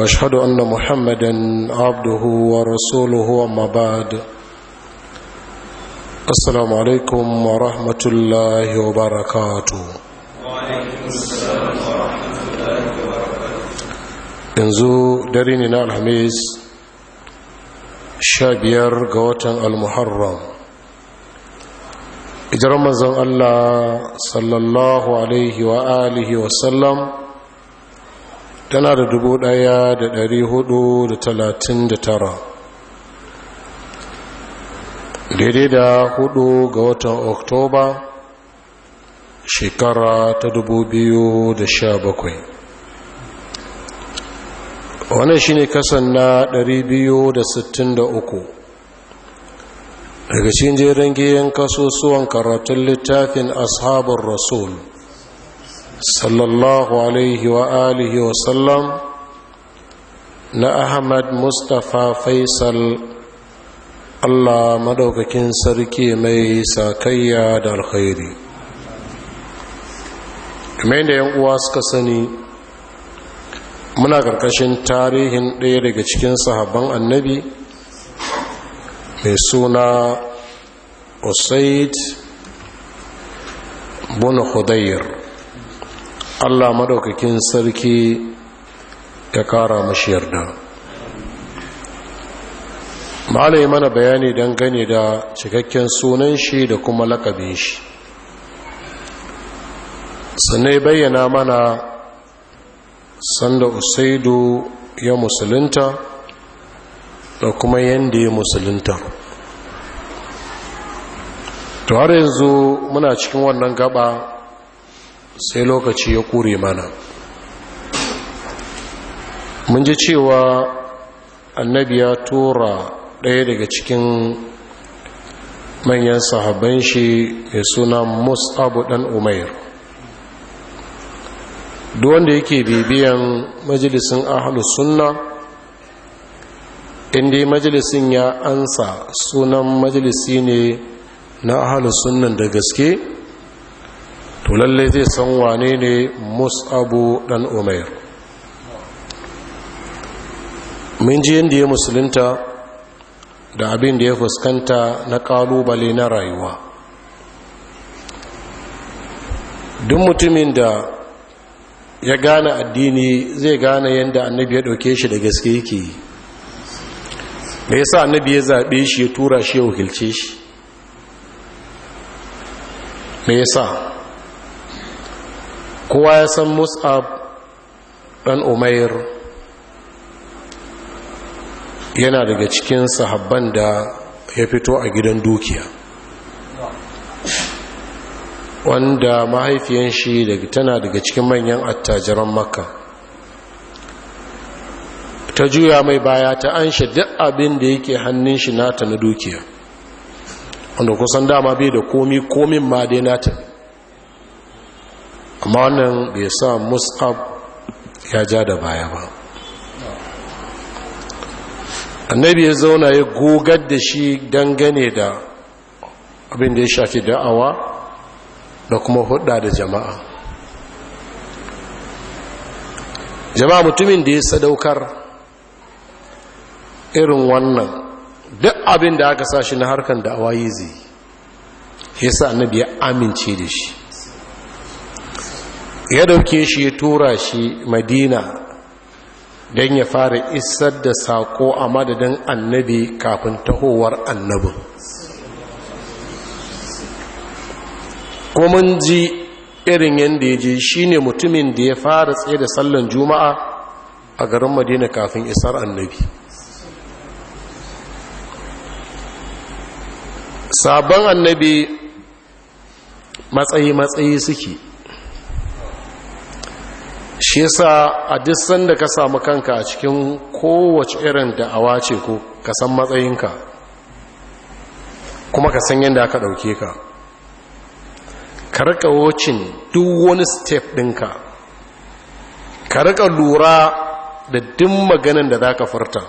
واشهد ان محمدا عبده ورسوله وما بعد السلام عليكم ورحمه الله وبركاته yanzu dare ne na alhamis sha biyar ga watan almuharram ijiran manzon allah sallallahu alaihi wa alihi wasallam tana da dubu ɗaya da dari hudu da talatin da tara daidai da hudu ga watan oktoba shekara ta dubu biyu da sha bakwai wannan shi ne kasan na dari biyu da sittin da uku daga cikin jerin giyan kasusuwan karatun littafin ashabar rasul صلى الله عليه وآله وسلم na ahmad mustapha faisal allah madaukakin sarki mai sakayya da alkhairi kuma yadda yan uwa suka sani muna ƙarƙashin tarihin ɗaya daga cikin sahaban annabi mai suna usaid Bun hudayr Allah madaukakin sarki ya ƙara mashi yarda malai mana bayani don dangane da cikakken sunan shi da kuma lakabin shi sannan bayyana mana sanda usaidu ya musulunta da kuma yadda ya musulunta to har yanzu muna cikin wannan gaba sai lokaci ya kure mana mun ji cewa annabi ya tura ɗaya daga cikin manyan sahabban shi mai suna Abu dan umair wanda yake bibiyan majalisun ahalus sunna inda majalisun ya ansa sunan majalisi ne na ahalus sunnan da gaske to lallai zai san wane ne mus'abu dan umair min ji yadda ya musulunta da abin da ya fuskanta na kalubale na rayuwa duk mutumin da ya gane addini zai gane yadda annabi ya ɗauke shi da gaske yake yi me sa annabi ya zaɓe shi ya tura shi ya wakilce shi me yasa kowa ya san mus'ab ɗan umair yana daga cikin sahabban da ya fito a gidan dukiya wanda mahaifiyan shi tana daga cikin manyan attajiran makka ta juya mai baya ta an shi duk abin da yake hannun shi nata na dukiya wanda kusan dama bai da komi komin ma dai nata amma wannan bai sa mus'ab ya ja da baya ba annabi ya zauna ya gogar da shi dangane da abin da ya shafi da'awa da kuma hudda da jama'a jama'a mutumin da ya sadaukar irin wannan duk abin da aka sa shi na harkar da'awa yi zai sa annabi ya amince da shi ya dauke shi ya tura shi madina don ya fara isar da sako a madadin annabi kafin tahowar annabin mun ji irin yadda ya je shi ne mutumin da ya fara tsaye da sallon juma'a a garin madina kafin isar annabi sabon annabi matsayi-matsayi suke shi yasa a duk sanda ka samu kanka a cikin kowace irin da'awa ce ko ka san matsayinka kuma ka san yadda aka ɗauke ka ka rika duk wani step dinka, ka riƙa lura da duk maganin da za ka furta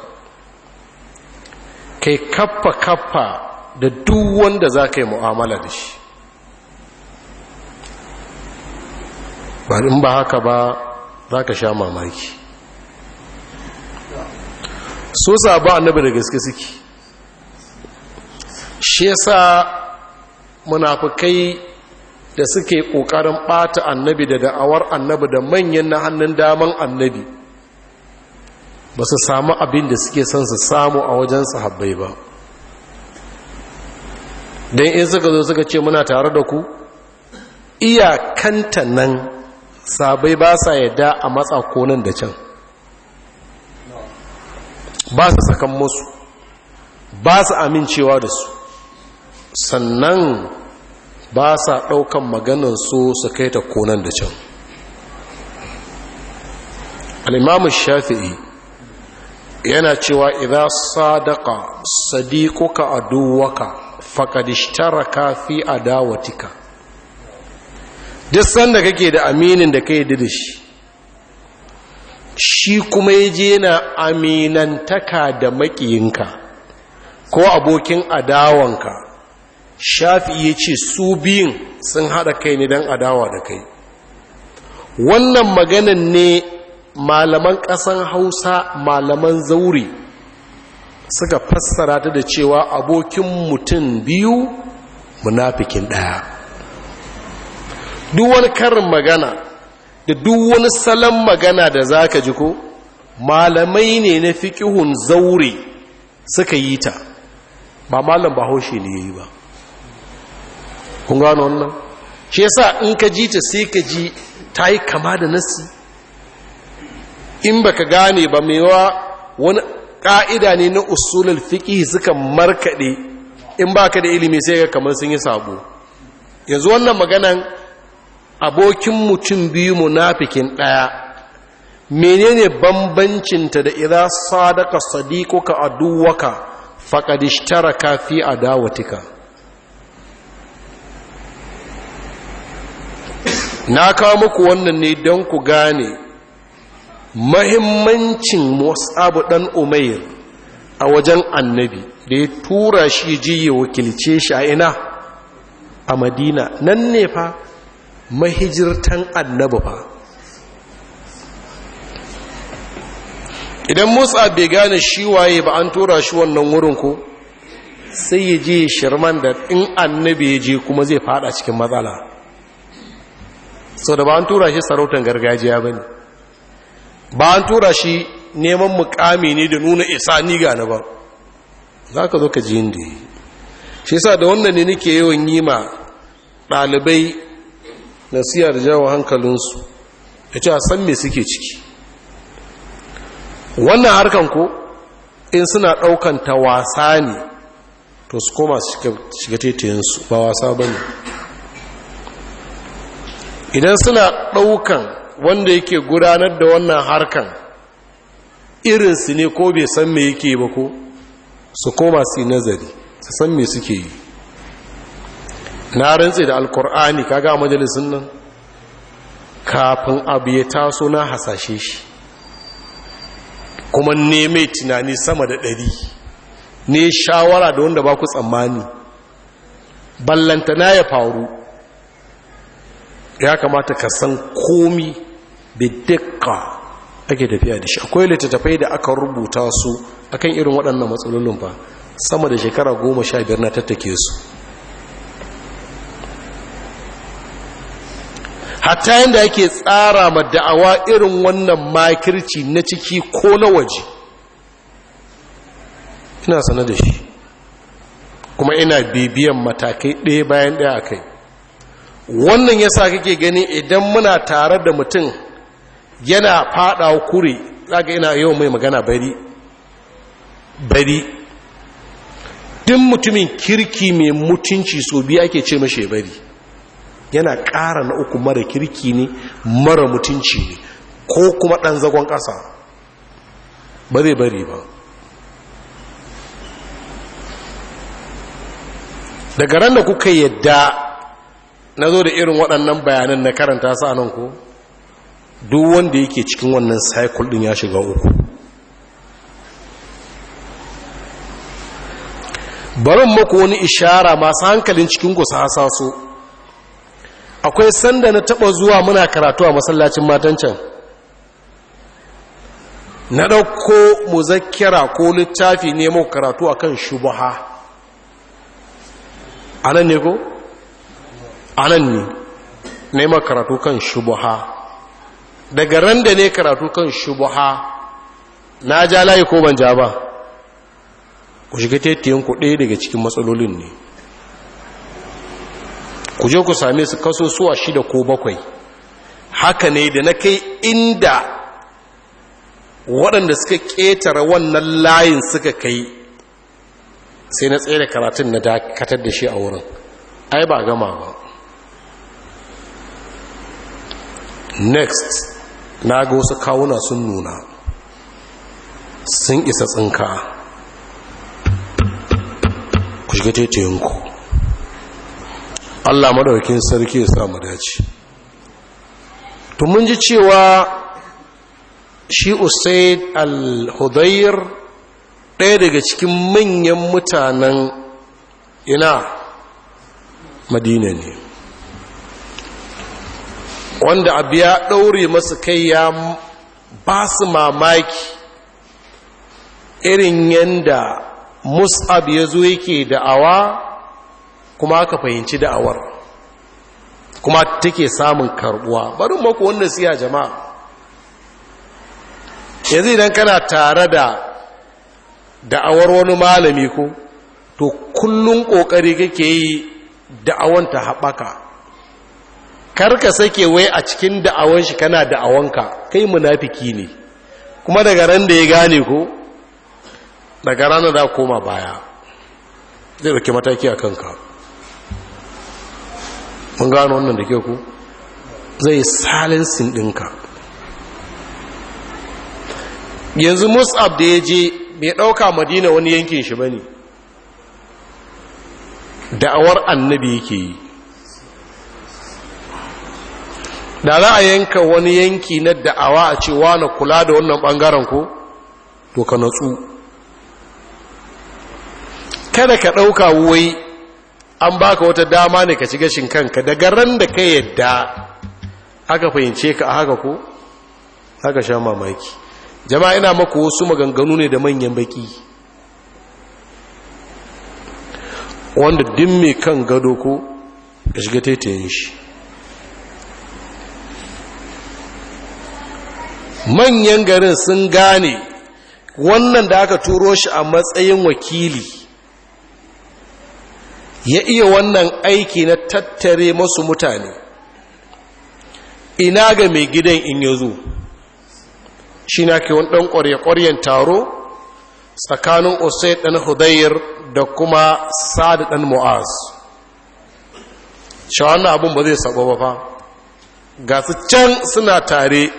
kai kaffa-kaffa da duk wanda za ka yi mu'amala da shi ba in ba haka ba za ka sha mamaki so saba annabi da gaske suke shi munafukai da suke kokarin bata annabi da da'awar annabi da manyan na hannun daman annabi ba su samu abin da suke son su samu a wajen sahabbai ba don in suka zo suka ce muna tare da ku iyakanta nan sabai ba sa yadda a matsa konan da can ba su sakan musu ba su amincewa da su sannan ba sa ɗaukan maganin su su kai ta konan da can al'imamu shafi'i yana cewa idan sadaka sadiquka aduwaka faqad kafi fi dawatika. duk sanda kake da aminin da ka yi da shi shi kuma ya je na aminantaka da makiyinka ko abokin adawanka shafi ya ce su biyun sun haɗa kai ne don adawa da kai wannan maganan ne malaman ƙasan hausa malaman Zauri suka fassara ta da cewa abokin mutum biyu munafikin ɗaya duk wani karin magana da duk wani salon magana da za ka ji ko malamai ne na fikihun zaure suka yi ta ba malam ba bahaushe ne ya yi ba kun gano wannan shi yasa in ka ji ta sai ka ji ta yi kama da nasi in ba ka gane ba wa wani ƙa'ida ne na usulul fiƙi suka markaɗe in baka da ilimi sai ga kamar sun yi sabo yanzu wannan maganan abokin mutum biyu munafikin ɗaya menene bambancinta da ira sadaka a faƙadish tara ka fi dawatika na kawo muku wannan ne don ku gane mahimmancin musabu ɗan umair a wajen annabi da ya tura shi ji ya wakilce shi a ina a madina nan ne fa mahijirtan annabi fa idan musa bai gane shi waye ba an tura shi wannan wurin ko sai ya je shirman da in annabi ya je kuma zai fada cikin matsala sau da ba an tura shi sarautar gargajiya ba ne ba an tura shi neman mukami ne da nuna isa ni gane ba za ka zo ka ji inda yi shi sa da wannan ne nake yawan yi ma ɗalibai nasiya da jawo hankalinsu ya ce a san me suke ciki wannan harkan ko in suna ɗaukan ta wasa ne to su koma shiga tetayensu ba wasa ba ne idan suna ɗaukan wanda yake gudanar da wannan harkan irinsu ne ko bai san me yake ba ko su koma su yi nazari su san me suke yi na rantse da alkur'ani kaga a majalisun nan kafin abu ya taso na hasashe shi kuma ne tunani sama da ɗari ne shawara da wanda ba ku tsammani na ya faru ya kamata ka san komi dukka ake tafiya da shi akwai littattafai da aka rubuta su akan irin waɗannan matsalolin ba sama da shekara goma sha biyar na tattake su hatta yadda yake tsara ma da'awa irin wannan makirci na ciki ko na waje ina sanar da shi kuma ina bibiyan matakai ɗaya bayan ɗaya a kai wannan ya sa kake gani idan muna tare da mutum yana faɗawa kure zaga ina yau mai magana bari bari din mutumin kirki mai mutunci so biya ake ce mashi bari yana ƙara na uku mara kirki ne mara mutunci ne ko kuma ɗan zagon ƙasa ba zai bari ba daga ran da kuka yadda na zo da irin waɗannan bayanan na karanta su a nan ko duk wanda yake cikin wannan cycle ɗin ya shiga uku barin maku wani ishara masu hankalin cikin gusa su akwai sanda na taba zuwa muna karatu a masallacin matan can na ɗauko mu zakkira ko littafi nemo karatu akan shubaha anan ne ko anan ne ma karatu kan shubaha daga ran da ne karatu kan shubaha na ja layi ko ban ja ba ku shiga tettiyan kuɗe ɗaya daga cikin matsalolin ne ku je ku same su kaso suwa shida ko bakwai haka ne da na kai inda waɗanda suka ƙetare wannan layin suka kai sai na tsere karatun na dakatar da shi a wurin ai ba gama ba next na ga wasu kawuna sun nuna sun isa tsinka ku shiga tetayinku Allah madaukin sarki ya samu dace to mun ji cewa shi usaid al-hudayr ɗaya daga cikin manyan mutanen ina madina ne wanda abu ya ɗaure masu kai ya ba su mamaki irin yadda mus'ab ya zo yake da'awa kuma aka fahimci da'awar kuma take samun karbuwa bari maku wannan siya jama'a yanzu idan kana tare da da'awar wani malami ko to kullum kokari kake yi da'awan ta haɓaka kar ka sake wai a cikin da'awan shi kana da'awanka kai munafiki ne kuma daga ran da ya gane ko daga ranar da koma baya zai dauki mataki a kanka mun gano wannan da ke ku zai salinsin ɗinka yanzu mus'ab da ya je mai ɗauka madina wani yankin shi ba ne da'awar annabi yake yi da za a yanka wani yanki na da'awa a cewa na kula da wannan ɓangaren ko to ka natsu kada ka ɗauka wai an baka wata dama ne ka shiga shinkanka daga ran da ka yadda aka fahimce ka a haka ko haka sha mamaki jama'a ina maku wasu maganganu ne da manyan baki wanda din kan gado ko ka shiga taitayen shi manyan garin sun gane wannan da aka turo shi a matsayin wakili ya iya wannan aiki na tattare masu mutane ina ga mai gidan in yi zo shi na ke wani ɗan ƙwarya-ƙwaryen taro tsakanin usaid ɗan Hudayyar, da kuma sadu ɗan mu'az shi wannan abin ba zai sabo ba fa ga su can suna tare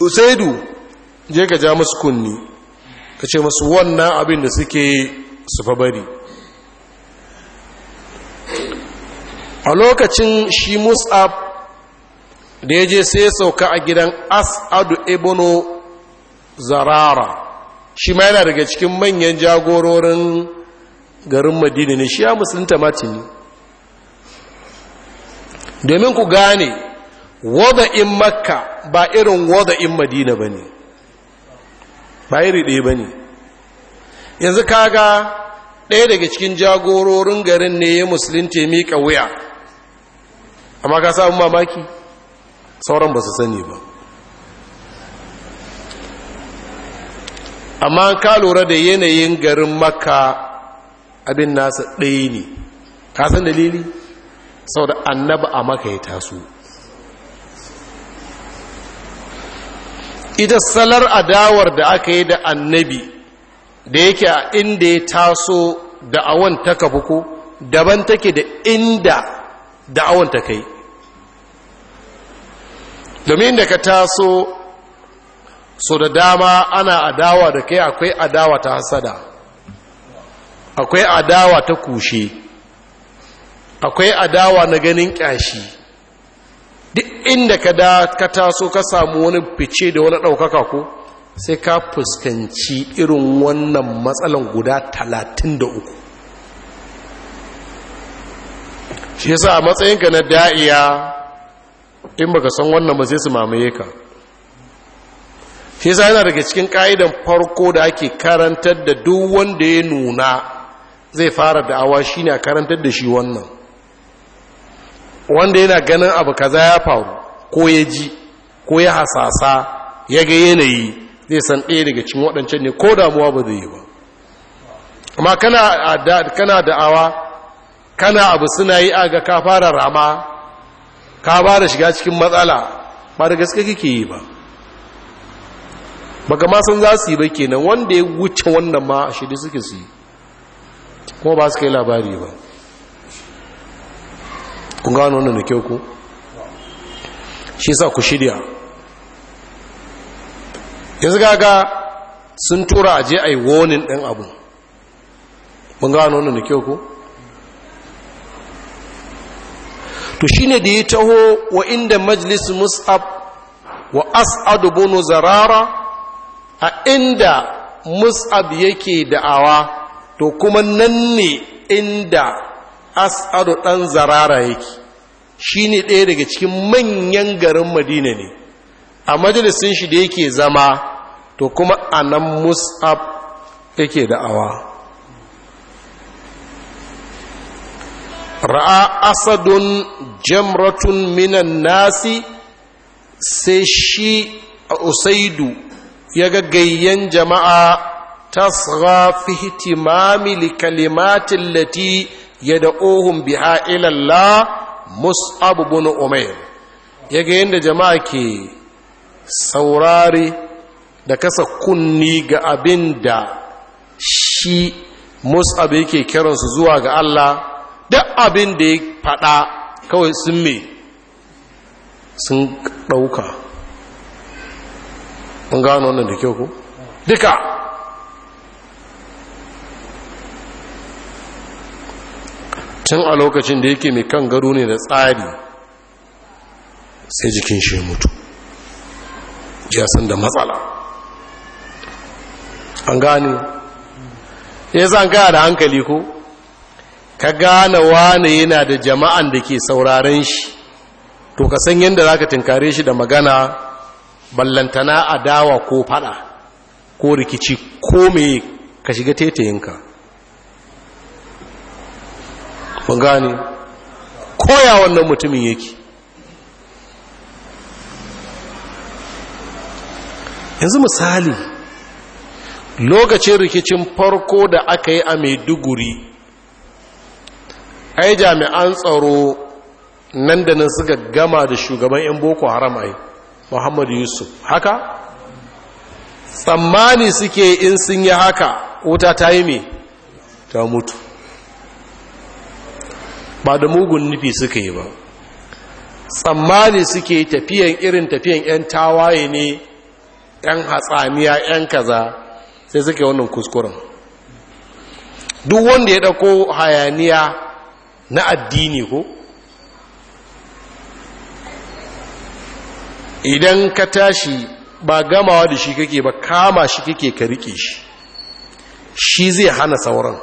usaidu je ka ja musu kunni ka ce masu wannan abin da suke su fa bari a lokacin shi mus'ab da ya je sai sauka a gidan as'adu ibnu zarara shi ma yana daga cikin manyan jagororin garin madina ne shi ya musulunta matini domin ku gane wada'in makka ba irin wada'in madina ba ne ba iri ɗaya ba ne yanzu kaga ɗaya daga cikin jagororin garin ne ya musulunta miƙa wuya amma ka samu mamaki sauran ba su sani ba amma ka lura da yanayin garin maka abin nasa ɗaya ne ka san dalili sau da annaba a maka ya taso ita salar adawar da aka yi da annabi da yake a inda ya taso da ta kafu daban take da inda da'awan ta kai domin da ka taso so da dama ana adawa da kai akwai adawa ta hasada akwai adawa ta kushe akwai adawa na ganin kyashi duk inda ka da ka taso ka samu wani fice da wani ɗaukaka ko sai ka fuskanci irin wannan matsalan guda talatin da uku shi yasa a matsayinka na da'iya in baka san wannan ba sai su mamaye ka shi yana daga cikin ka'idan farko da ake karantar da duk wanda ya nuna zai fara da'awa shine a karantar da shi wannan wanda yana ganin abu kaza ya faru ko ya ji ko ya hasasa ya ga yanayi zai san ɗaya daga cikin waɗancan ne ko damuwa ba zai yi ba amma kana da'awa kana abu suna yi aga ka fara rama ka ba da shiga cikin matsala ba da gaske kake yi ba baka ma san za su yi ba kenan wanda ya wuce wannan ma a shida suke su yi kuma ba su kai labari ba kun gano wannan da kyau ku shi sa ku shirya yanzu gaga sun tura aje a yi wonin ɗin abu kun gano wannan da kyau ku to shi ne da ya taho wa inda majlis mus'ab wa as'adu Bunu zarara a inda mus'ab yake da'awa to kuma nan ne inda as'adu dan zarara yake shi ne ɗaya daga cikin manyan garin madina ne a majalisin shi da yake zama to kuma a nan mus'ab yake da'awa ra'a asadun jamratun minan nasi sai shi a usaidu ya ga gayyan jama'a tasgha fi ihtimami li kalimatin lati ohun biha ila mus'abu Mus'ab umar. Umair yaga yanda jama'a ke saurare da kasa kunni ga abinda shi Mus'ab yake kiransu zuwa ga Allah duk abin da ya faɗa kawai sun me sun ɗauka an gano wannan da kyau ku duka can a lokacin da yake mai kan gado ne da tsari sai jikin shi mutu ya san da matsala an gane ya zan gaya da hankali ko ka gane wane yana da jama'an da ke sauraren shi to ka san yadda za ka tinkare shi da magana ballantana adawa ko fada ko rikici ko mai ka shiga tetayinka ban gane koya wannan mutumin yake yanzu misali lokacin rikicin farko da aka yi a maiduguri kai jami'an tsaro nan da nan suka gama da shugaban 'yan boko haram ai muhammadu yusuf haka tsammani suke in sun yi haka wuta ta yi mai ta mutu ba da mugun nufi suka yi ba tsammani suke tafiyan irin tafiyan 'yan tawaye ne 'yan hatsaniya 'yan kaza sai suke wannan kuskuren duk wanda ya ɗauko hayaniya na addini ko idan ka tashi ba gamawa da shi kake ba kama shi kake ka rike shi shi zai hana sauran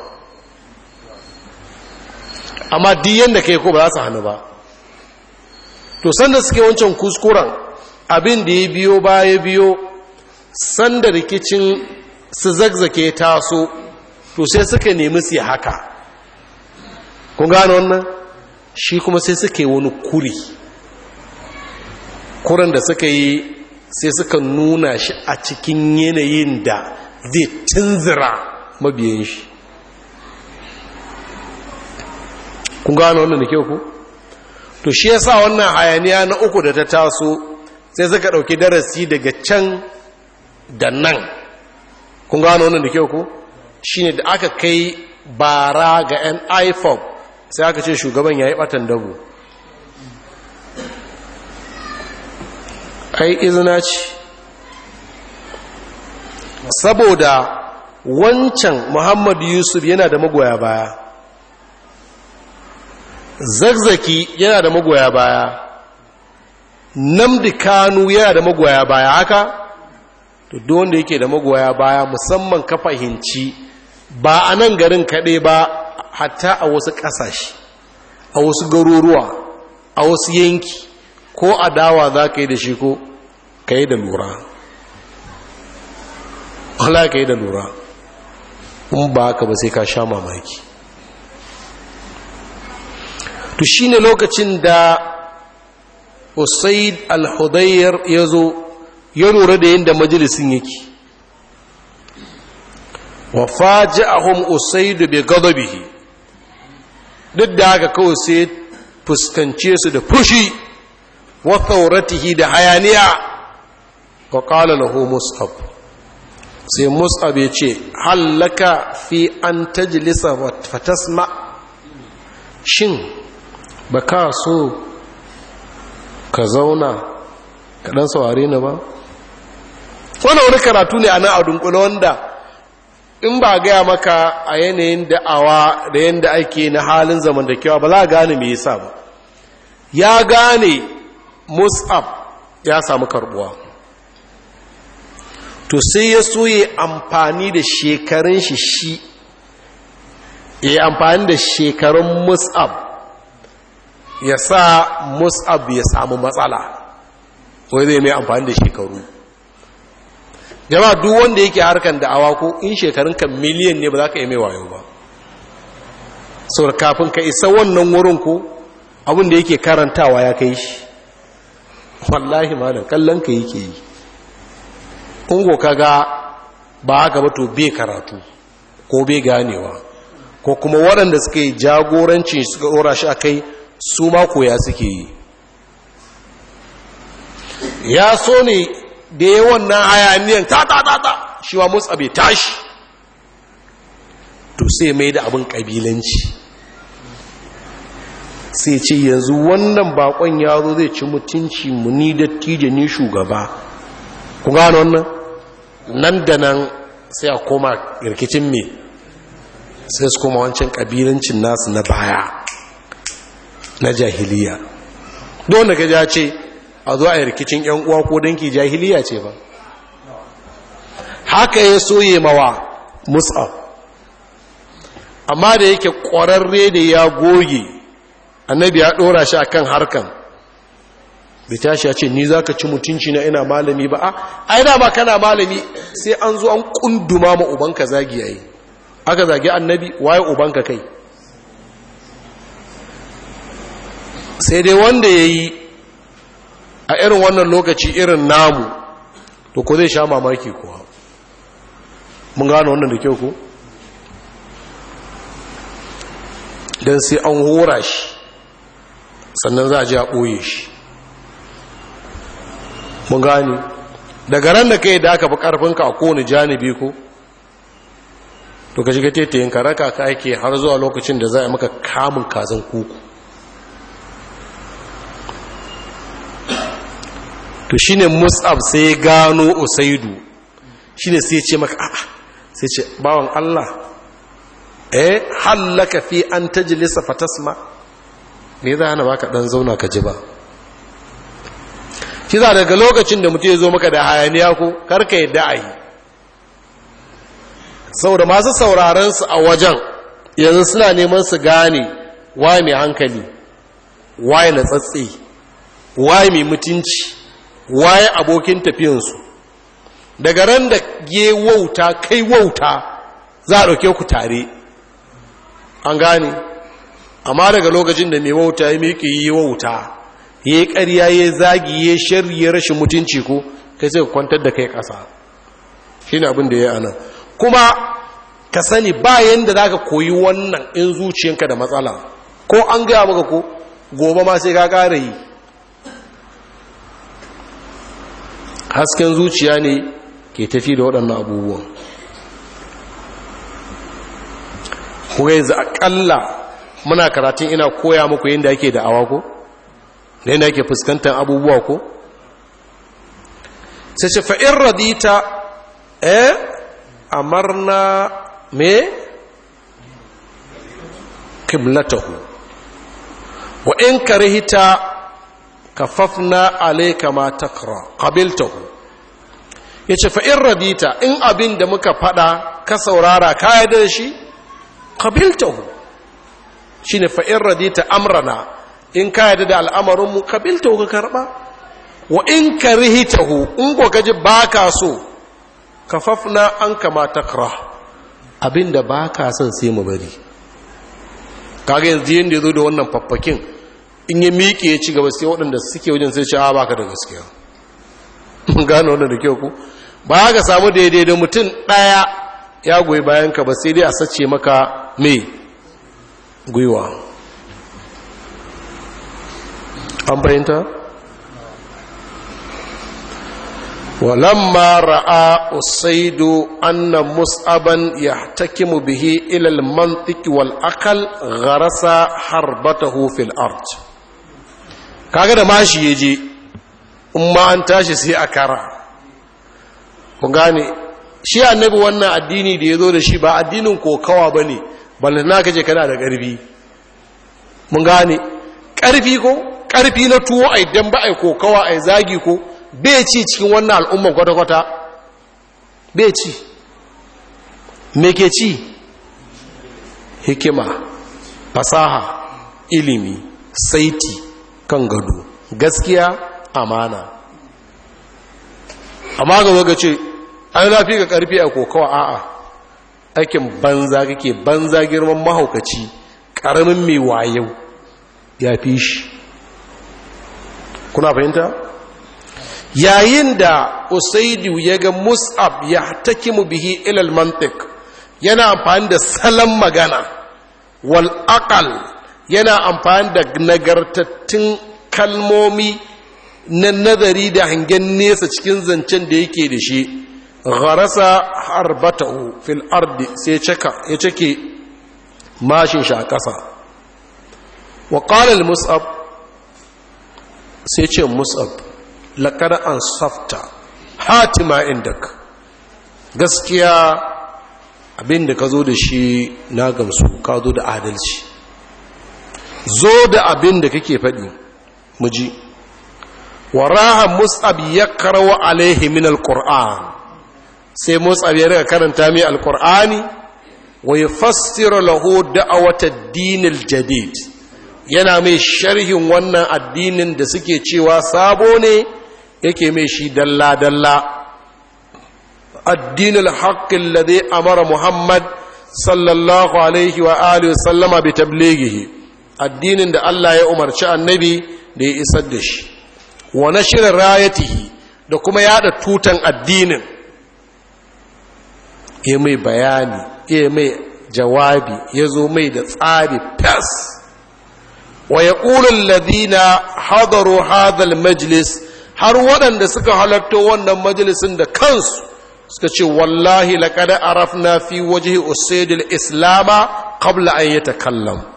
amma yadda da yi ko ba za su hana ba to sanda suke wancan kuskuren abin da ya biyo ba ya biyo sanda rikicin su zagzake taso to sai suka nemi su haka kun gano wannan shi kuma sai suka yi wani kuri kurin da suka yi sai suka nuna shi a cikin yanayin da zai tunzira mabiyan shi kun gano wannan da kyau ku to shi ya sa wannan hayaniya na uku da ta taso sai suka ɗauki darasi daga can da nan kun gano wannan da kyau ku shine da aka kai bara ga 'yan iphone sai aka ce shugaban ya yi batan dabo ai izina ce saboda wancan muhammadu yusuf yana da magoya baya zagzaki yana da magoya baya namdi kanu yana da magoya baya haka to duk wanda yake da magoya baya musamman ka fahimci ba a nan garin kaɗai ba hatta a wasu ƙasashe a wasu garuruwa a wasu yanki ko adawa za ka yi da shi ko ka yi da lura wala ka yi da lura in ba ka ba sai ka sha mamaki to shi ne lokacin da usaid al-hudayyar ya zo ya lura da yadda majalisun yake wa faji'ahum usaidu bi ghadabihi duk da haka kawai sai fuskance su da fushi wa tsauratihi da hayaniya wa ƙala lahu mus'ab sai mus'ab ya ce hallaka fi an tajlisa fatasma shin ba ka so ka zauna ka ɗan saurari na ba wani wani karatu ne a nan a wanda in ba gaya maka a yanayin da'awa da yadda ake na halin zamantakewa ba za a gane mai yasa ba ya gane mus'ab ya samu karbuwa to sai ya so ya amfani da shekarun shi shi ya amfani da shekarun mus'ab ya sa mus'ab ya samu matsala wai zai mai amfani da shekaru jama'a duk wanda yake harkar da awa ko in shekarun ka miliyan ne ba za ka yi mai wayo ba saboda kafin ka isa wannan wurin ko abin yake karantawa ya kai shi wallahi malam kallon ka yake yi ungo ga ba haka ba to bai karatu ko bai ganewa ko kuma waɗanda suka yi jagoranci suka ɗora shi a kai su ma koya suke yi ya so ne da ya wannan hayaniyan ta ta ta ta shi wa motsa bai tashi to sai mai da abin ƙabilanci sai ce yanzu wannan bakon yaro zai ci mutunci muni da tije ni shugaba ku gano wannan nan da nan sai a koma rikicin mai sai su koma wancan ƙabilancin nasu na baya na jahiliya don da gaja a zuwa a rikicin yan uwa ko danki jahiliya ce ba haka ya soye mawa musaf amma da yake ƙwararre da ya goge annabi ya ɗora shi akan harkan bai tashi ya ce ni za ka ci mutunci na ina malami ba a aina ba kana malami sai an zo an kunduma ma ubanka zagi yayi aka zagi annabi waye ubanka kai sai dai wanda ya yi a irin wannan lokaci irin namu to ko zai sha mamaki kuwa mun gano wannan da kyau ko don sai an hura shi sannan za a ji a ɓoye shi mun gani daga ran da kai da aka fi ƙarfinka a kowane janibi ko to ka shiga tetayen ka raka ka ake har zuwa lokacin da za a maka kamun kazan kuku to shi ne mus'ab sai ya gano usaidu ne sai ce maka a'a sai ce bawan Allah eh hallaka fi an jilisa fatasma me za hana baka dan zauna ka ji ba za daga lokacin da mutum ya zo maka da hayaniya ko karka yadda a yi saboda masu sauraren su a wajen yanzu suna neman su gane waye mai hankali waye na tsatsi waye mai mutunci waye abokin tafiyansu daga ran da ya wauta kai wauta za a ɗauke ku tare an gane amma daga lokacin da mai wauta ya miƙi yi wauta ya yi ƙarya ya zagi ya shari ya rashin mutunci ko kai sai kwantar da kai ƙasa shi ne abin da ya anan kuma ka sani bayan da za ka koyi wannan in zuciyanka da matsala ko an gaya maka ko gobe ma sai ka ƙara yi hasken zuciya ne ke tafi da waɗannan abubuwan kuma yanzu aƙalla muna karatun ina koya muku yadda ake awa ko da yadda ake fuskantar abubuwa ko sai ce fa'in radita eh marna me kimlatahu wa in karihita kafafna alayka ma takra qabiltahu yace fa in radita in abin da muka fada ka saurara ka yarda shi qabiltahu shine fa in radita amrana in ka yarda da al'amarin mu qabiltahu ka karba wa in karihtahu in ko kaji baka so kafafna an kama takra abin da baka son sai mu bari kaga yanzu yanda yazo da wannan faffakin in ya miƙe ya ci gaba sai waɗanda suke wajen sai cewa a ah, baka da gaskiya mun gano wannan da kyau ku ba ka samu daidai da mutum ɗaya ya goyi bayan ka ba sai dai a sace maka me gwiwa an fahimta walamma ra'a usaidu anna mus'aban yahtakimu bihi ilal mantiki akal wal akal gharasa harbatahu fil kaga da mashi ya je in ma an tashi sai a kara ku gane shi annabi wannan addini da ya zo da shi ba addinin kokawa ba ne balle na je kana da ƙarfi mun gane ƙarfi ko ƙarfi na tuwo a idan ba a kokawa a zagi ko bai ci cikin wannan al'umman kwata-kwata bai ci me ke ci hikima fasaha ilimi saiti kan gado gaskiya amana amma ga zaga ce an lafi ga karfi a kokawa a'a aikin banza kake banza girman mahaukaci karamin mai wayau ya fi shi kuna fahimta yayin da usaidu ya ga mus'ab ya mu bihi ilal mantik yana amfani da salon magana wal aqal yana amfani da nagartattun kalmomi na nazari da hangen nesa cikin zancen da yake da shi gharasa harbatahu fil ardi sai ya cake mashin shi a ƙasa wa al mus'ab sai ce mus'ab laqad an safta hatima indak gaskiya Abinda da ka zo da shi na gamsu ka zo da adalci zo da abin da kake faɗi mu ji waraha mus'ab ya karwa alaihi min alqur'an sai mus'ab ya riga karanta mai alqur'ani wa yafassiru lahu da'awata ad-din jadid yana mai sharhin wannan addinin da suke cewa sabo ne yake mai shi dalla dalla الدين الحق الذي أمر محمد wa الله عليه وآله وسلم بتبليغه addinin da Allah ya umarci annabi da ya isar da shi wa shirin rayatihi da kuma yada tutan addinin ya mai bayani ya mai jawabi ya zo mai da tsari fas wa ya ƙulun ladina hadaru hadal majalis har waɗanda suka halatto wannan majalisin da kansu suka ce wallahi laƙada arafna fi waje usaidul islama kabla an yi kallon.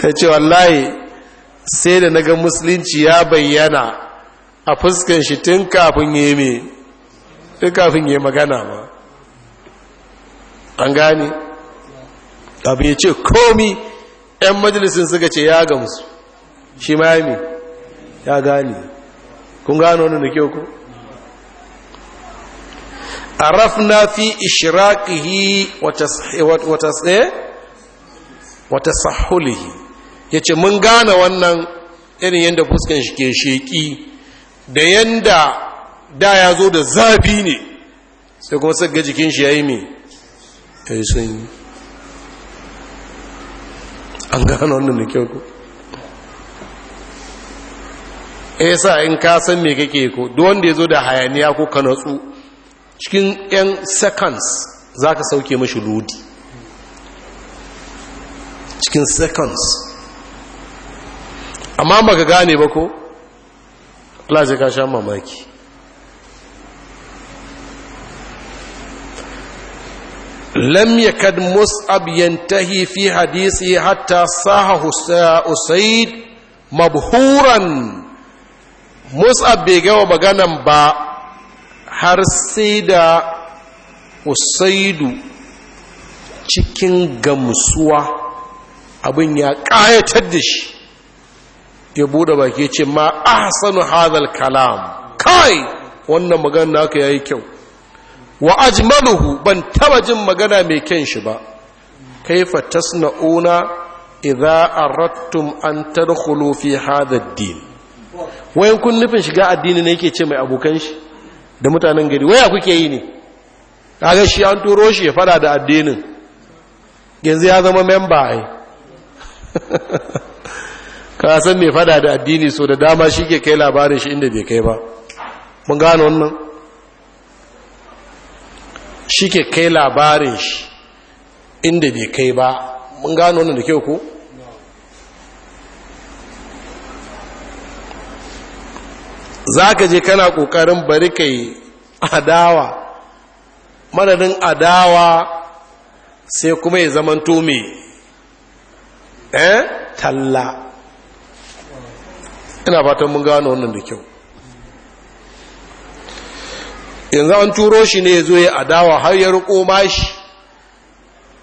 ka ce wallahi sai da naga musulunci ya bayyana a fuskan shi tun kafin ya yi tun kafin yi magana ma an gane abin ya ce komi 'yan majalisun suka ce ya gamsu shi ma ya ya gane kun gano wani da kyau ku. arafna fi wata wa Ya ce mun gane wannan irin yadda fuskan shi ke sheki da yanda da ya zo da zafi ne sai kuma sagga jikin shi yayi yi kai yi. an gane wannan da kyau ko eh sa in ka san me kake ko duk wanda ya zo da hayaniya ko ka natsu cikin 'yan seconds za ka sauke mashi lodi cikin seconds amma ba ka gane ba ko lazi ka sha mamaki lam kad mus'ab yantahi fi hadisi hatta saha usaid mabhuran mus'ab bai gawa maganan ba har sai da usaidu cikin gamsuwa abin ya ƙayatar da shi ya buɗe baki ce ma ahsanu hadal kalam kai wannan magana naka yayi kyau wa ajmaluhu ban taba jin magana mai kyan shi ba kaifa tasna'una idza aradtum an tadkhulu fi hadha ad-din wayan kun nufin shiga addini ne yake ce mai abokan shi da mutanen gari waya kuke yi ne kaga shi an turo shi ya fada da addinin yanzu ya zama memba ai ka san me fada da addini so da dama shi ke kai labarin shi inda bai kai ba mun gano wannan shi ke kai labarin shi inda bai kai ba mun gano wannan da kyau ko za ka je kana ƙoƙarin bari ka yi adawa madadin adawa sai kuma ya zamanto tome. eh talla ina fatan mun gano wannan da kyau yanzu an turo shi ne ya zo ya adawa har ya riko mashi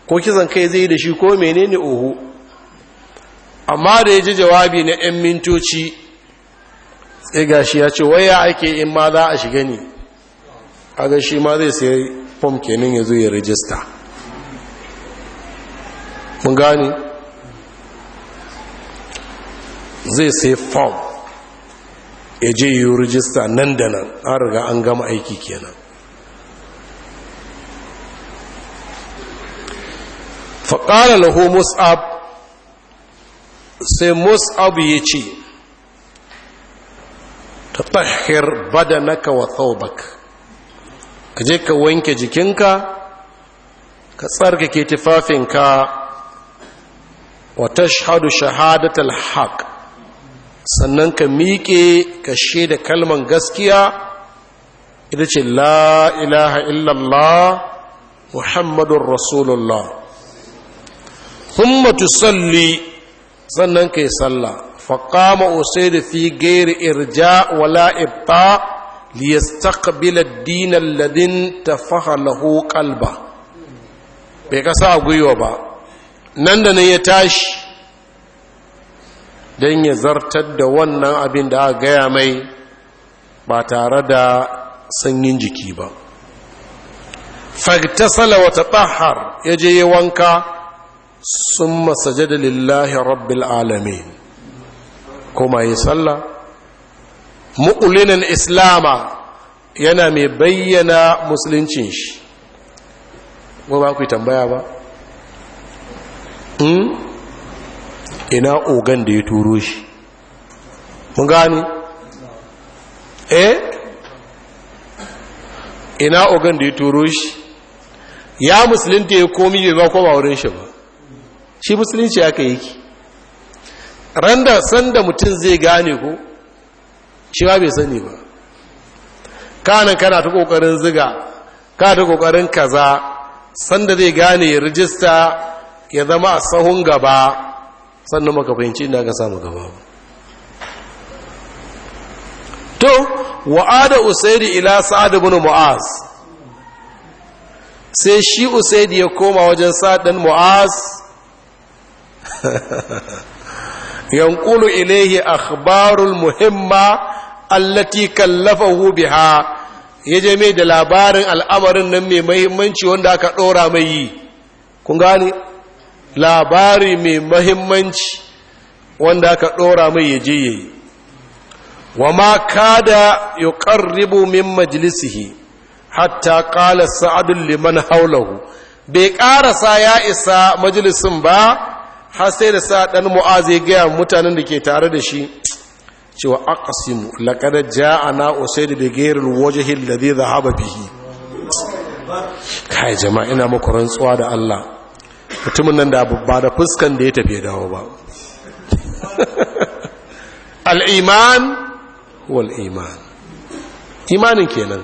ko kizan kai zai da shi ko menene oho amma da ya ji jawabi na 'yan mintoci sai gashi ya ce waya ake in ma za a shiga ni, kaga shi ma zai sai fom kenan ya zo ya rijista mun gane zai sai fom ya je yi rijista nan da nan an riga an gama aiki kenan faƙara lahu mus'ab sai mus'ab ya ce fatahhir badanaka wa thawbak je ka wanke jikinka ka tsarkake tufafinka wa tashhadu shahadatal haq sannan ka miƙe ka shaida kalman gaskiya ita ce la ilaha illallah muhammadun rasulullah thumma tusalli sannan ka yi sallah faƙama usaid fi gairi irja wala ibta liyastaqbil ad-din alladhin tafahalahu qalba bai kasa gwiwa ba nan da nan ya tashi don ya zartar da wannan abin da aka gaya mai ba tare da sanyin jiki ba fagtasala wata tahar ya je yi wanka sun masaje da lillahi rabbil alamin koma yi sallah mu'ulinin islama yana mai bayyana musuluncin shi ko ba ku tambaya ba hmm? ina ogan da ya turo shi mun gani eh ina ogan da ya turo shi ya musulunta ya komi bai ba koma wurin shi ba shi musulunci aka yi ki randa sanda mutum zai gane ko shi ba bai sani ba kanan kana ta kokarin ziga ka ta kokarin kaza sanda zai gane ya rijista ya zama a sahun gaba sannan maka fahimci inda aka samu gaba to wa'ada usaidi ila sa'ad ibn mu'az sai shi usaidi ya koma wajen sa'ad ibn mu'az Yanƙulu ilaihi, akhbarul muhimma allati kallafahu biha yaje mai da labarin al'amarin nan mai muhimmanci wanda aka dora mai yi kun gane labari mai muhimmanci wanda aka dora mai yaje yayi wa ma kada yuqarribu min majlisihi hatta qala sa'adun liman haulahu bai ƙarasa ya isa majalisin ba har sai da sa dan mu'az ya gaya mutanen da ke tare da shi cewa aqsimu laqad ja'ana usayd bi ghayril wajhi alladhi dhahaba bihi kai jama'a ina muku rantsuwa da Allah mutumin nan da ba da fuskan da ya tafi dawo ba al-iman wal iman imanin kenan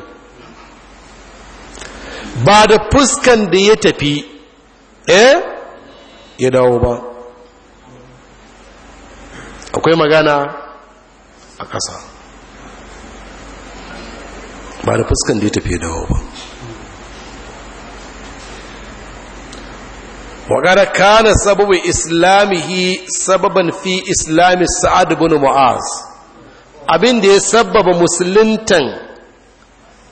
ba da fuskan da ya tafi eh ya dawo ba akwai magana a ƙasa ba da fuskan da ya tafi dawo ba waƙada kana sababin islamihi sababin fi islami sa'ad bin mu'az abin da ya sababa musuluntan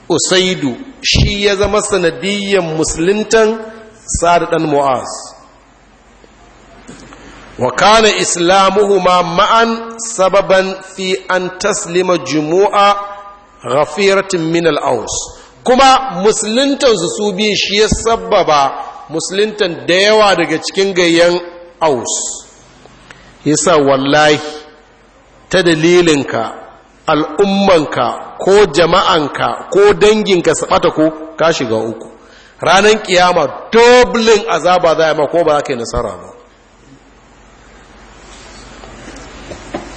usaidu shi ya zama sanadiyyar musuluntan sa'ad dan mu'az wa kana islamuhuma ma'an sababan fi an taslima jumu'a ghafiratin min al-aus kuma musuluntansu su bi shi ya sabbaba musuluntan da yawa daga cikin gayyan aus yasa wallahi ta dalilinka al'ummanka ko jama'anka ko danginka su ɓata ko ka shiga uku ranar ƙiyama dublin azaba za a ma ko ba za ka nasara ba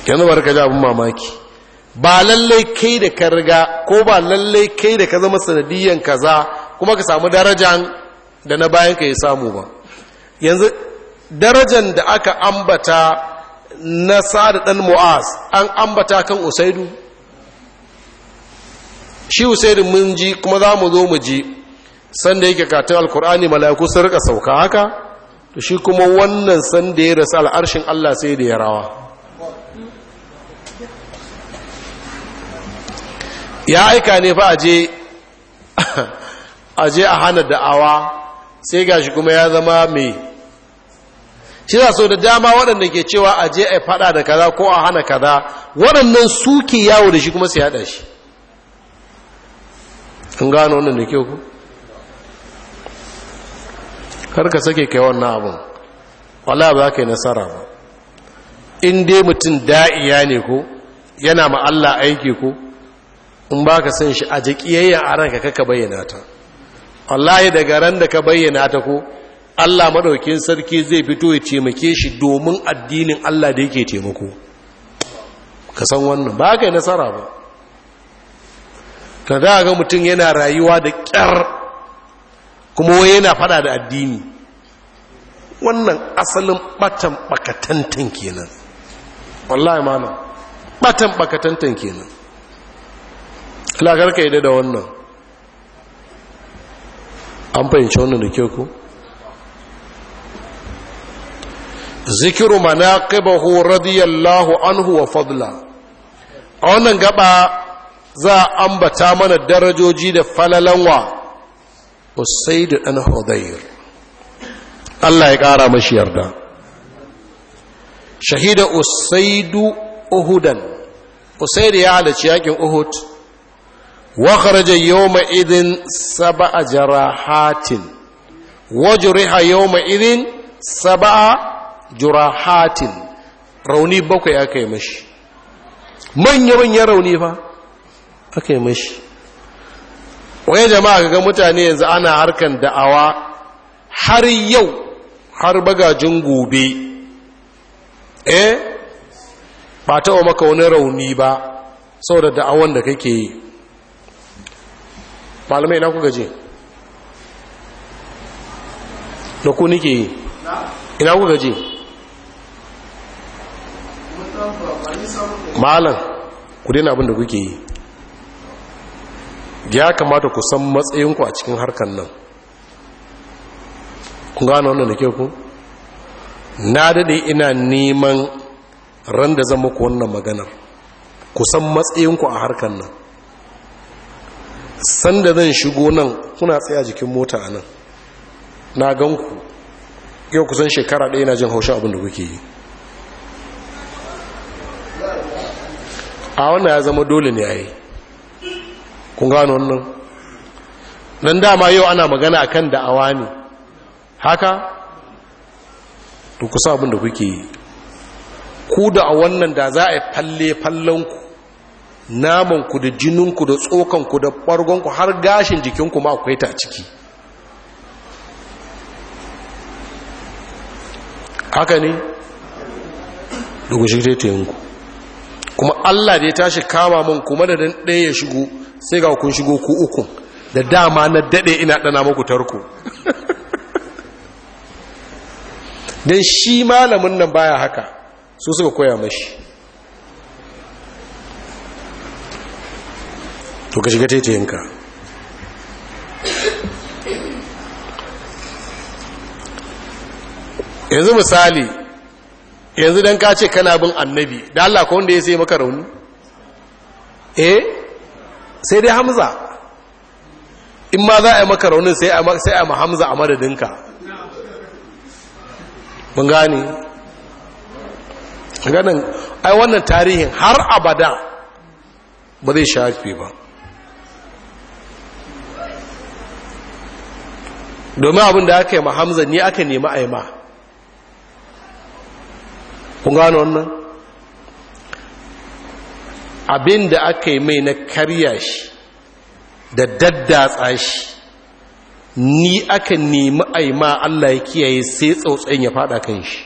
yanzu bari ka ji abin mamaki ba lallai kai da ka riga ko ba lallai kai da ka zama sanadiyyan kaza kuma ka samu darajan da na bayan ka yi samu ba yanzu darajan da aka ambata na sa'ad dan mu'az an ambata kan usaidu shi usaidu mun ji kuma za mu zo mu ji sanda yake katun alkur'ani mala'iku sun rika sauka haka to shi kuma wannan sanda ya rasu al'arshin allah sai da ya rawa ya aika ne fa aje aje a hana da'awa sai gashi kuma ya zama mai shi za so da dama waɗanda ke cewa aje a faɗa da kaza ko a hana kaza waɗannan suke yawo da shi kuma sai haɗa shi kun gano wannan da kyau ku karka sake kai wannan abin wala ba ka yi nasara ba in dai mutum da'iya ne ko yana ma Allah aiki ko in ba ka san shi a jikiyayya a ranka kaka bayyana ta wallahi daga ran da ka bayyana ta ko Allah madaukin sarki zai fito ya taimake shi domin addinin Allah da yake taimako ka san wannan ba ka yi nasara ba ta da ga mutum yana rayuwa da ƙyar kuma wai yana fada da addini wannan asalin batan bakatantan kenan wallahi malam batan bakatantan kenan lagar ka yi da wannan an fahimci wannan da ke ku zikiru hu, radiyallahu anhu wa fadla a wannan gaba za a ambata mana darajoji da falalanwa usaid dan hudayr Allah ya kara mashi yarda shahida usaidu uhudan Usaidu ya halarci yakin uhud وخرج kharaja yawma idin sab'a jarahatin wa juriha yawma idin sab'a jurahatin rauni bakwai aka yi mashi manya manyan rauni fa aka yi mashi wani jama'a ga mutane yanzu ana harkan da'awa har yau har bagajin gobe eh ba taɓa maka wani rauni ba saboda da'awan da kake yi malamai na kuka je da ku nike yi ina kuka je malam ku daina abinda kuke yi ya kamata ku san matsayinku a cikin harkar nan ku gano wannan da ke ku na dade ina neman randa da zama ku wannan maganar ku san matsayinku a harkar nan sanda zan shigo nan kuna tsaya jikin mota a nan na gan ku yau kusan shekara ɗaya na jin haushin abin da kuke yi a wannan ya zama dole ne a yi kun gano wannan nan dama yau ana magana akan da'awa ne haka to kusa abin kuke yi ku da a wannan da za a yi falle fallonku namanku da jininku da tsokanku da ɓargonku har gashin jikinku ma akwai ta ciki haka ne dugu shirye ta yanku kuma allah da ya tashi kama min kuma da dan ɗaya ya shigo sai ga kun shigo ku uku da dama na daɗe ina ɗana muku tarko don shi malamin nan baya haka su suka koya mashi to ka shiga taitayinka yanzu misali yanzu don ka ce kana bin annabi da Allah ko wanda ya sai maka rauni eh sai dai hamza in ma za a yi maka raunin sai a ma hamza a madadinka mun gani ganin ai wannan tarihin har abada ba zai shafi ba domin abin da aka yi ma hamza ne aka nemi a yi ma kun gano wannan abin da aka yi mai na karya shi da daddatsa shi ni aka nemi a yi ma allah ya kiyaye sai tsautsayin ya fada kan shi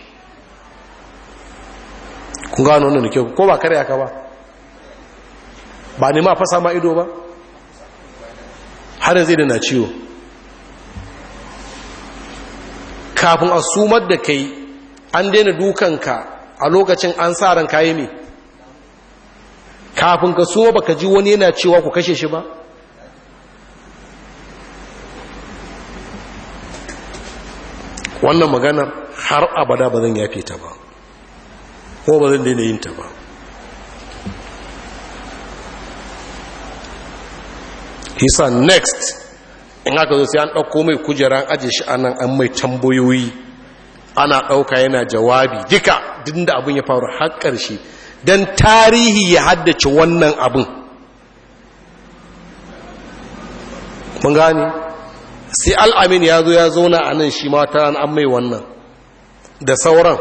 kun gano wannan da kyau ko ba karya ka ba ba nema fasa ma ido ba har zai da na ciwo kafin a sumar da kai an daina dukanka a lokacin an sa ran kayi ne kafin ka so baka ji wani yana cewa ku kashe shi ba wannan maganar har abada ba zan yafe ta ba ko ba zan daina yin ta ba hisa next in aka zo sai an ɗauko mai kujeran ajiye shi anan an mai tambayoyi ana ɗauka yana jawabi duka duk da abin ya faru har ƙarshe don tarihi ya haddace wannan abin mun gane sai al'amin ya zo ya zauna a nan shi mata an mai wannan da sauran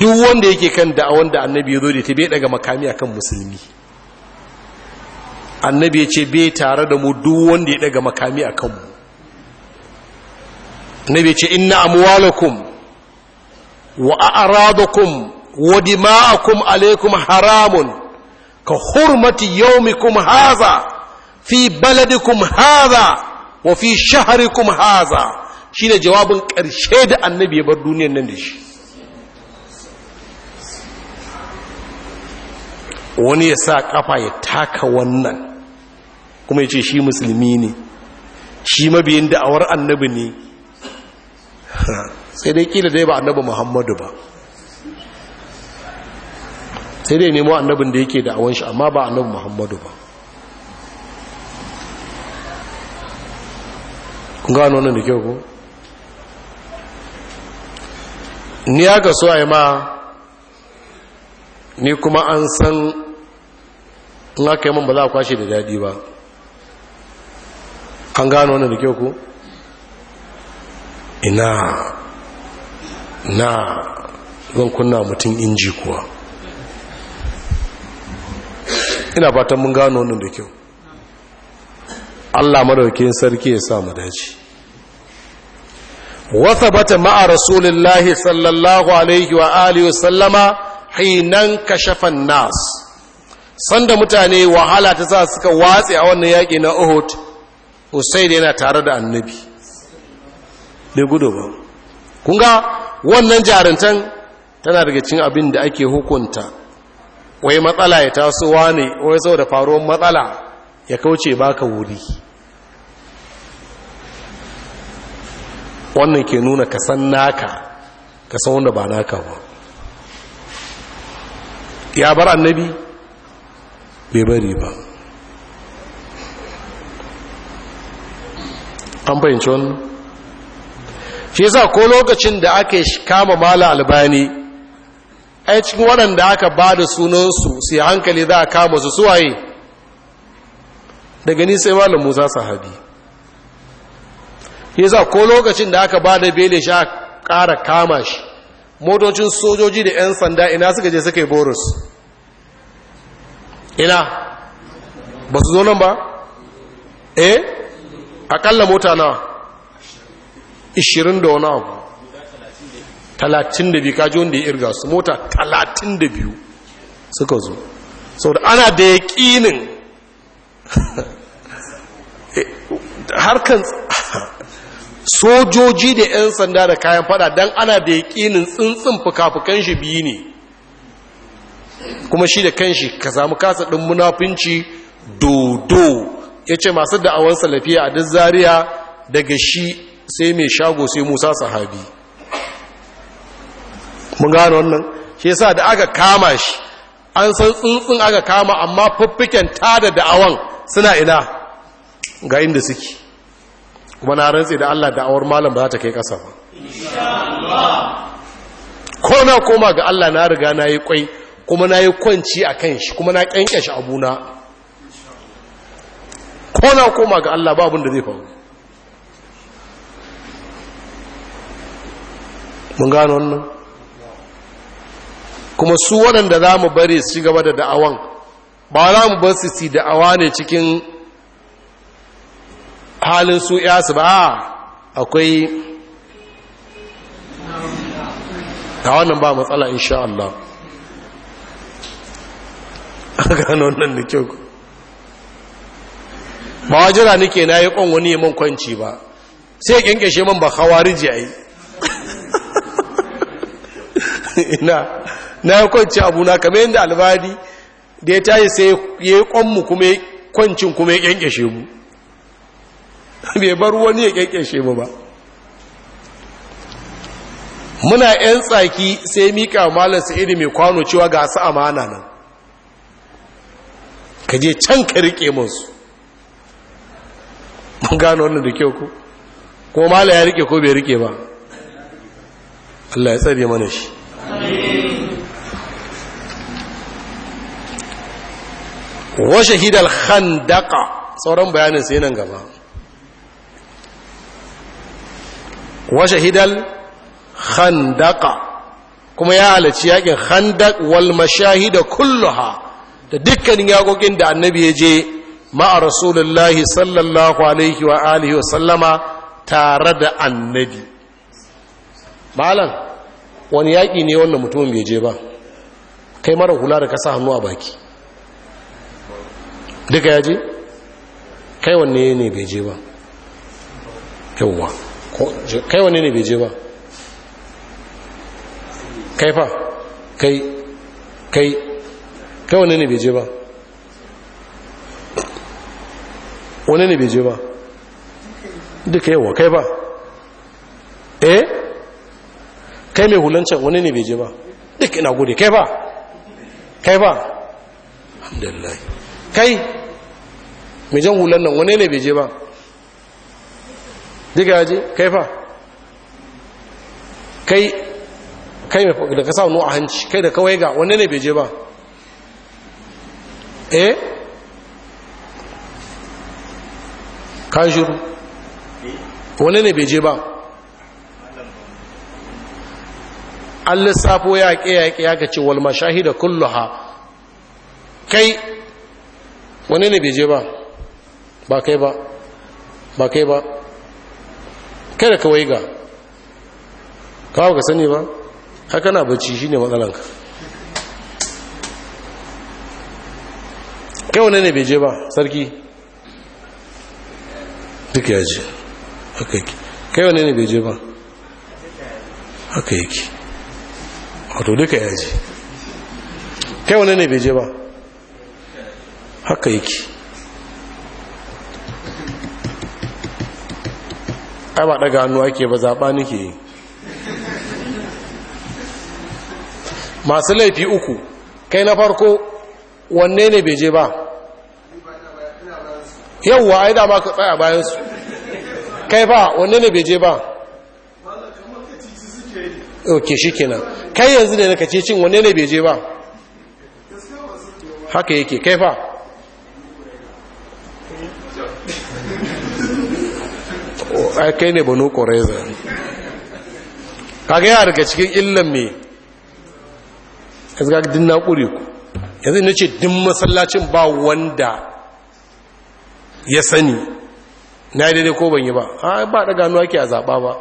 duk wanda yake kan da'awan da annabi ya zo da ta bai daga makami akan musulmi annabi ya ce bai tare da mu duk wanda ya daga makami a kanmu annabi ya ce inna amwalakum wa a'radakum wa dima'akum alaikum haramun ka hurmati yawmikum haza fi baladikum haza wa fi shahrikum haza shine jawabin ƙarshe da annabi ya bar duniyar nan da shi wani ya sa kafa ya taka wannan kuma ya ce shi musulmi ne shi mabiyin da'awar annabi ne sai dai kila dai ba annabi muhammadu ba sai dai nemo annabin da yake da'awar shi amma ba annabi muhammadu ba kun gano wannan da kyau ko ni ya ga so a yi ma ni kuma an san in aka yi man ba za a kwashe da daɗi ba an gano wannan da kyau ku ina na zan kunna mutum inji kuwa ina fatan mun gano wannan da kyau Allah madaukakin sarki ya sa mu dace wa bata ma'a Rasulullahi sallallahu alaihi wa alihi wa sallama hinan kashafan nas sanda mutane wahala ta sa suka watse a wannan yaƙi na uhud usaid yana tare da annabi bai gudu ba kunga wannan jarintan tana daga cin abin da ake hukunta wai matsala ya tasowa ne wai sau da faruwar matsala ya kauce baka wuri wannan ke nuna ka san naka ka san wanda ba naka ba ya bar annabi bai bari ba an fahimci wannan shi yasa ko lokacin da aka kama mala albani ai cikin waɗanda aka ba da sunansu sai hankali za a kama su suwaye daga ni sai malam musa sahabi shi yasa ko lokacin da aka ba da bele shi a ƙara kama shi motocin sojoji da 'yan sanda ina suka je suka yi boris ina ba su zo nan ba eh akalla mota na ishirin da wani abu talatin da biyu kaji wanda ya irga su mota talatin da biyu suka zo saboda ana da har harkan sojoji da 'yan sanda da kayan fada don ana da ƙinin tsintsin fuka-fukan shi biyu ne kuma shi da kanshi ka samu kasa ɗin munafinci dodo ya ce masu da'awan salafiya a duk zariya daga shi sai mai shago sai musa sahabi mun gano wannan shi sa da aka kama shi an san tsuntsun aka kama amma fuffiken tada da'awan suna ina ga inda suke kuma na rantse da Allah da'awar malam ba za ta kai ƙasa ba ko na koma ga Allah na riga na yi kwai kuma na yi kwanci a kan shi kuma na ƙyanƙya shi abuna ko na koma ga Allah babin da zai faru mun gano wannan kuma su waɗanda za mu bari su gaba da da'awan ba za mu bar su si da'awa ne cikin halin su yasu ba akwai a wannan ba matsala insha Allah a gano nan da kyau ba jira nake na yi kwan wani yaman kwanci ba sai ya shi man ba ji a yi ina na yi kwanci abu na kamar yadda albadi da ya tayi sai ya yi mu kuma kwancin kuma ya shi mu bai bar wani ya kyankyashe mu ba muna 'yan tsaki sai mika malar sa'idi mai kwano cewa ga su amana nan ka je can ka riƙe musu mun gano wannan da kyau ku kuma mala ya riƙe ko bai riƙe ba Allah ya tsare mana shi wa shahidal khandaqa sauran bayanin sai nan gaba wa shahidal khandaqa kuma ya halarci yakin khandaq wal mashahida kulluha da dukkanin yagogin da annabi ya je ma'a rasulullahi sallallahu alaihi wa alihi wa sallama tare da annabi malam wani yaƙi ne wannan mutumin bai je ba kai mara hula da kasa hannu a baki duka ya je kai wanne ne bai je ba yauwa kai wanne ne bai je ba kai fa kai kai Kai wani ne bai je ba wani ne bai je ba duka yawa kai ba eh kai mai hulancan wani ne bai je ba duka ina gode kai ba kai ba alhamdulillah kai mai jan hulan nan wani ne bai je ba duka ya je kai ba. kai kai mai da ka sa a hanci kai da kawai ga wani ne bai je ba E, ka wani ne bai je ba an lissafo ya ke ya ke ya ka walma shahida kulluha kai wani ne bai je ba ba kai ba ba kai ba kai da kawai ga, kawo ka sani ba haka na bacci shine matsalanka kai wane ne bai je ba sarki duk ya je haka yake kai wane ne bai je ba haka yake wato duka ya je kai wane ne bai je ba haka yake ai ba daga hannu ake ba zaɓa nake yi masu laifi uku kai na farko wanne ne bai je ba wa ai dama ka tsaya bayan su kai ba wanne ne bai je ba ok shi kenan kai yanzu ne ka ce cin wanne ne bai je ba haka yake kai fa oh, ai kai ne banu koreza kaga yana daga cikin illan me yanzu zaga dinna kuri ku yanzu ne ce din masallacin ba wanda ya sani na yi daidai ko ban yi ba a ba da gano ake a zaɓa ba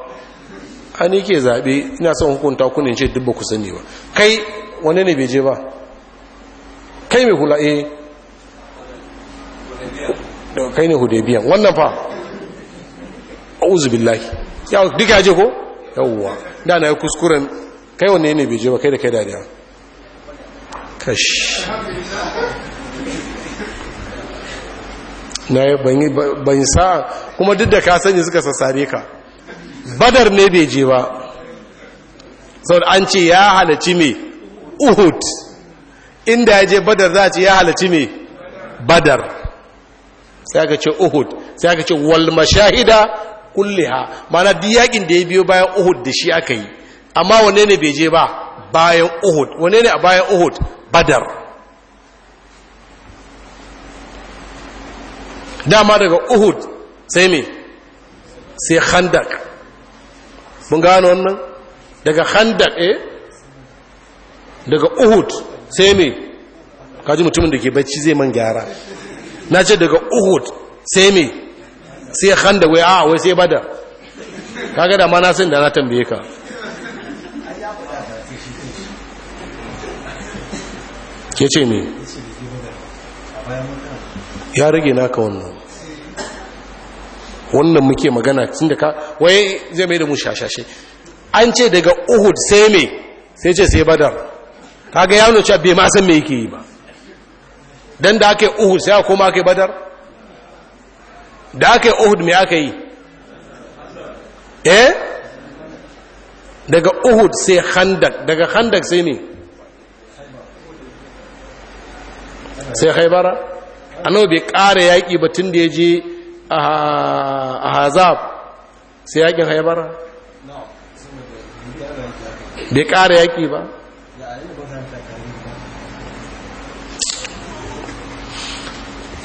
an yi ke zaɓe ina son hukunta kunin ce duk ba ku sani ba kai wane ne beje ba kai mai hula e kai ne hudebiyan wannan fa auzubillahi ya duka ya je ko yawwa da na yi kuskuren kai wane ne beje ba kai da kai dariya kashi na ban sa kuma duk da ka sani suka sassare ka badar ne bai je ba sau an ce ya halacci mai uhud inda ya je badar za a ce ya halarci mai badar sai aka ce uhud sai aka ce wal mashahida kulliha mana duk yakin da ya biyo bayan uhud da shi aka yi amma wane ne bai je ba bayan uhud wane ne a bayan uhud badar dama daga uhud sai me sai khandak mun gano wannan daga khandak eh daga uhud sai me kaji mutumin da ke bacci zai man gyara na ce daga uhud sai me sai khandak wai a wai sai bada kaga da ma na san da na tambaye ka ke ce me ya rage naka wannan wannan muke magana cikin da ka waye zai mai da mu shashashe an ce daga uhud sai me sai ce sai badar kaga ya nuna cewa bai ma san me yake yi ba dan da aka yi uhud sai kuma aka yi badar da aka yi uhud me aka yi eh daga uhud sai handak daga handak sai ne sai haibara annabi bai ƙara yaƙi ba tun da ya je a hazab sai yaƙin haibara bai ƙara yaƙi ba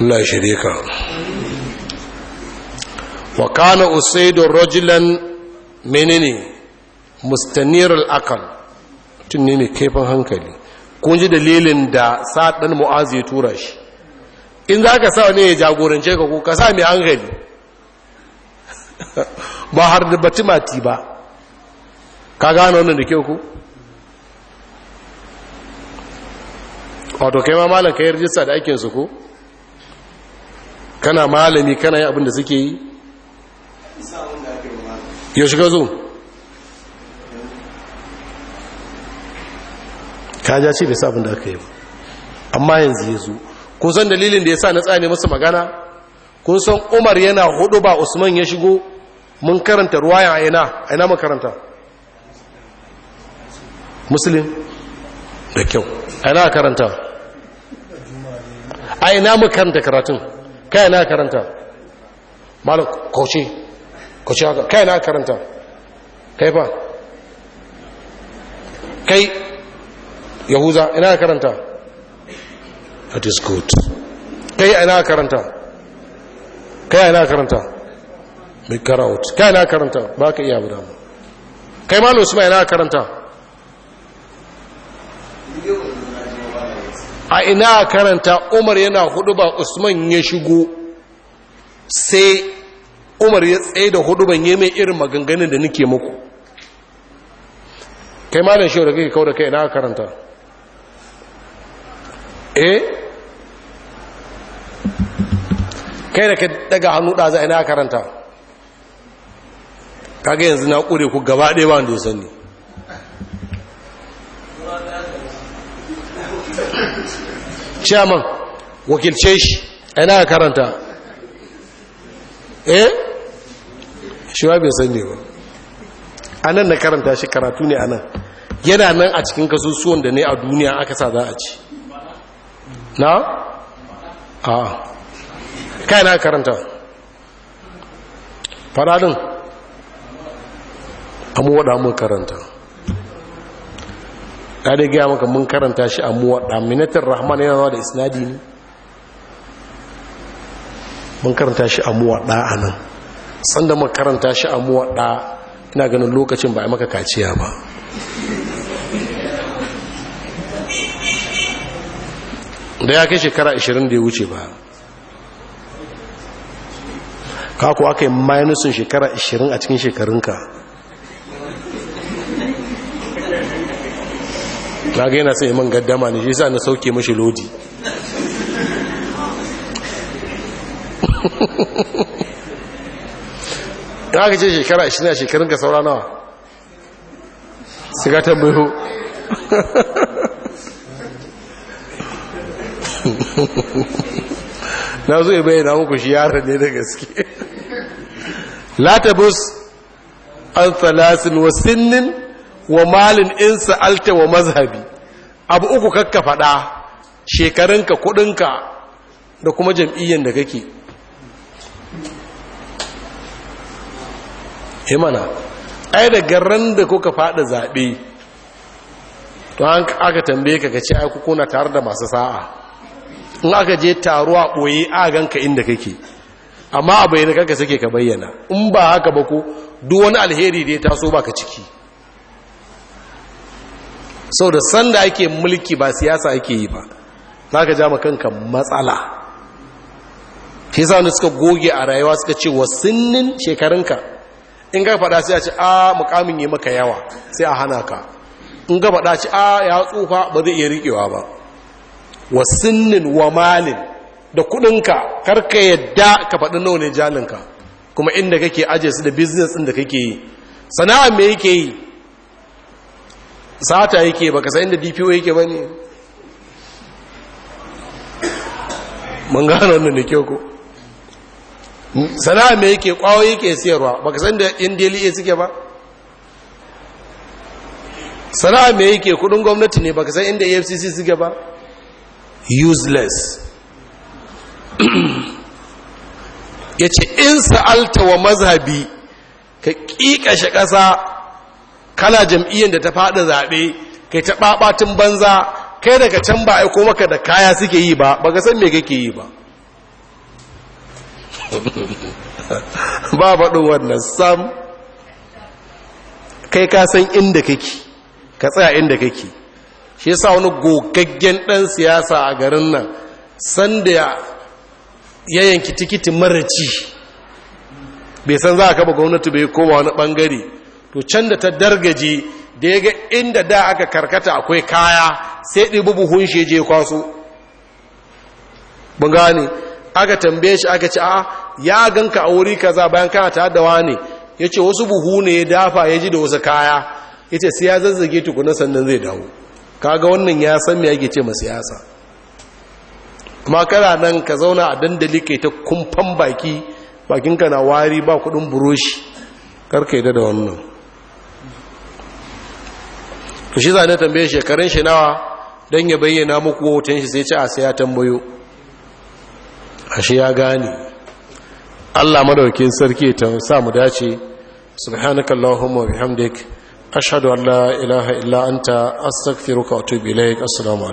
na shirika wa kana usaidun rajulan menene mustanirul akal tun ne mai kaifin hankali kun ji dalilin da sa'ad ɗan mu'azi ya tura shi in za ka sa ne ya jagorance ka ko ka sa mai hankali ba har da batimati ba ka gano wannan da ke ku wato kai ma malam kai rijista da aikinsu ko kana malami kana yi abinda da suke yi ya shiga zo ka ja ce bai sa abin da aka yi ba amma yanzu ya zo kun san dalilin da ya sa na tsane masa magana kun san umar yana hudu ba usman ya shigo mun karanta ruwayan aina aina mun karanta muslim da kyau aina karanta aina mun karanta karatun kai na karanta malam kauce kauce haka kai na karanta kai fa kai yahuza ina karanta that is good kai ina karanta kai ina karanta mai karaut kai ina karanta ba ka iya buda kai ma malu usman ina karanta a ina karanta umar yana hudu ba usman ya shigo sai umar ya tsaye da hudu ban yi mai irin maganganun da nake muku kai malam shi da kake kawo da kai ina karanta eh kai da ka daga hannu ɗaza ina karanta kage yanzu na ƙure ku gaba ɗaya ba ya ne chairman wakilce shi ina karanta eh shi ba bai sani ba a nan na karanta shi karatu ne a nan yana nan a cikin kasusuwan da ne a duniya aka sa za a ci na? a kai na karanta faradin wada mun karanta ta dai gaya maka mun karanta shi amu wada minatar rahman yana da isnadi ne mun karanta shi amu wada a nan sanda mun karanta shi amu wada ina ganin lokacin ba a maka kaciya ba da ya kai shekara 20 da ya wuce ba ka kuwa yi minusin shekara 20 a cikin shekarunka na ga yana sai iman gaddama ne shi sa na sauke mashi lodi ya ka ce shekara 20 a shekarunka saura nawa siga tambayo na zo ya na muku shi yaran ne da gaske Lata bus an salasin wa sinnin wa malin in sa'alta wa mazhabi abu uku kakka faɗa shekarunka kudinka da kuma jam'iyyar da kake imana ai da garan da kuka faɗa zaɓe to an aka tambaye ka ce ai kuna tare da masu sa'a in aka je taruwa ɓoye a ganka inda kake amma a bayyana kanka sake ka bayyana in ba haka ba ko duk wani alheri da ya taso baka ciki sau da sanda ake mulki ba siyasa ake yi ba za ka ja kanka matsala shi sa wani suka goge a rayuwa suka ce wa sinnin shekarunka in ga faɗa sai a ce a mukamin yi maka yawa sai a hana ka in ga faɗa ce a ya tsufa ba zai iya rikewa ba wa sinnin wa malin da kudinka karka yadda ka faɗi nawa ne jalinka kuma inda kake aje su da business ɗin da kake yi sana'a me yake yi sata yake baka san inda DPO yake bane mun gano wannan ne kyau ko sana'a me yake kwawo yake siyarwa baka san da yan DLA suke ba sana'a me yake kudin gwamnati ne baka san inda AFCC suke ba useless ya ce in sa'alta wa mazhabi ka ƙiƙashe ƙasa kana jam'iyyar da ta faɗi zaɓe kai ta ɓaɓatin banza kai daga can ba aiko maka da kaya suke yi ba ba ka san me kake yi ba ba faɗin wannan sam kai ka san inda kake ka tsaya inda kake shi yasa wani gogaggen ɗan siyasa a garin nan sanda ya yanki tikiti mara ci bai san za a kaba gwamnati bai koma wani bangare to can da ta dargaje da ya ga inda da aka karkata akwai kaya sai ɗibi buhun shi je kwaso ne aka tambaye shi aka ce a ya ganka a wuri kaza bayan kana ta haddawa ne ya ce wasu buhu ne ya dafa ya ji da wasu kaya ya ce sai ya zazzage tukuna sannan zai dawo kaga wannan ya san me ake ce ma siyasa amma kana nan ka zauna a dandali kai ta kumfan baki bakinka na wari ba kudin buroshi karka yi da wannan to shi zane tambaye shekarun shi nawa don ya bayyana muku hoton shi sai ci a sai ya tambayo ashe ya gane Allah madaukin sarki ta sa mu dace subhanakallahumma bihamdik ashhadu an la ilaha illa anta astaghfiruka wa atubu assalamu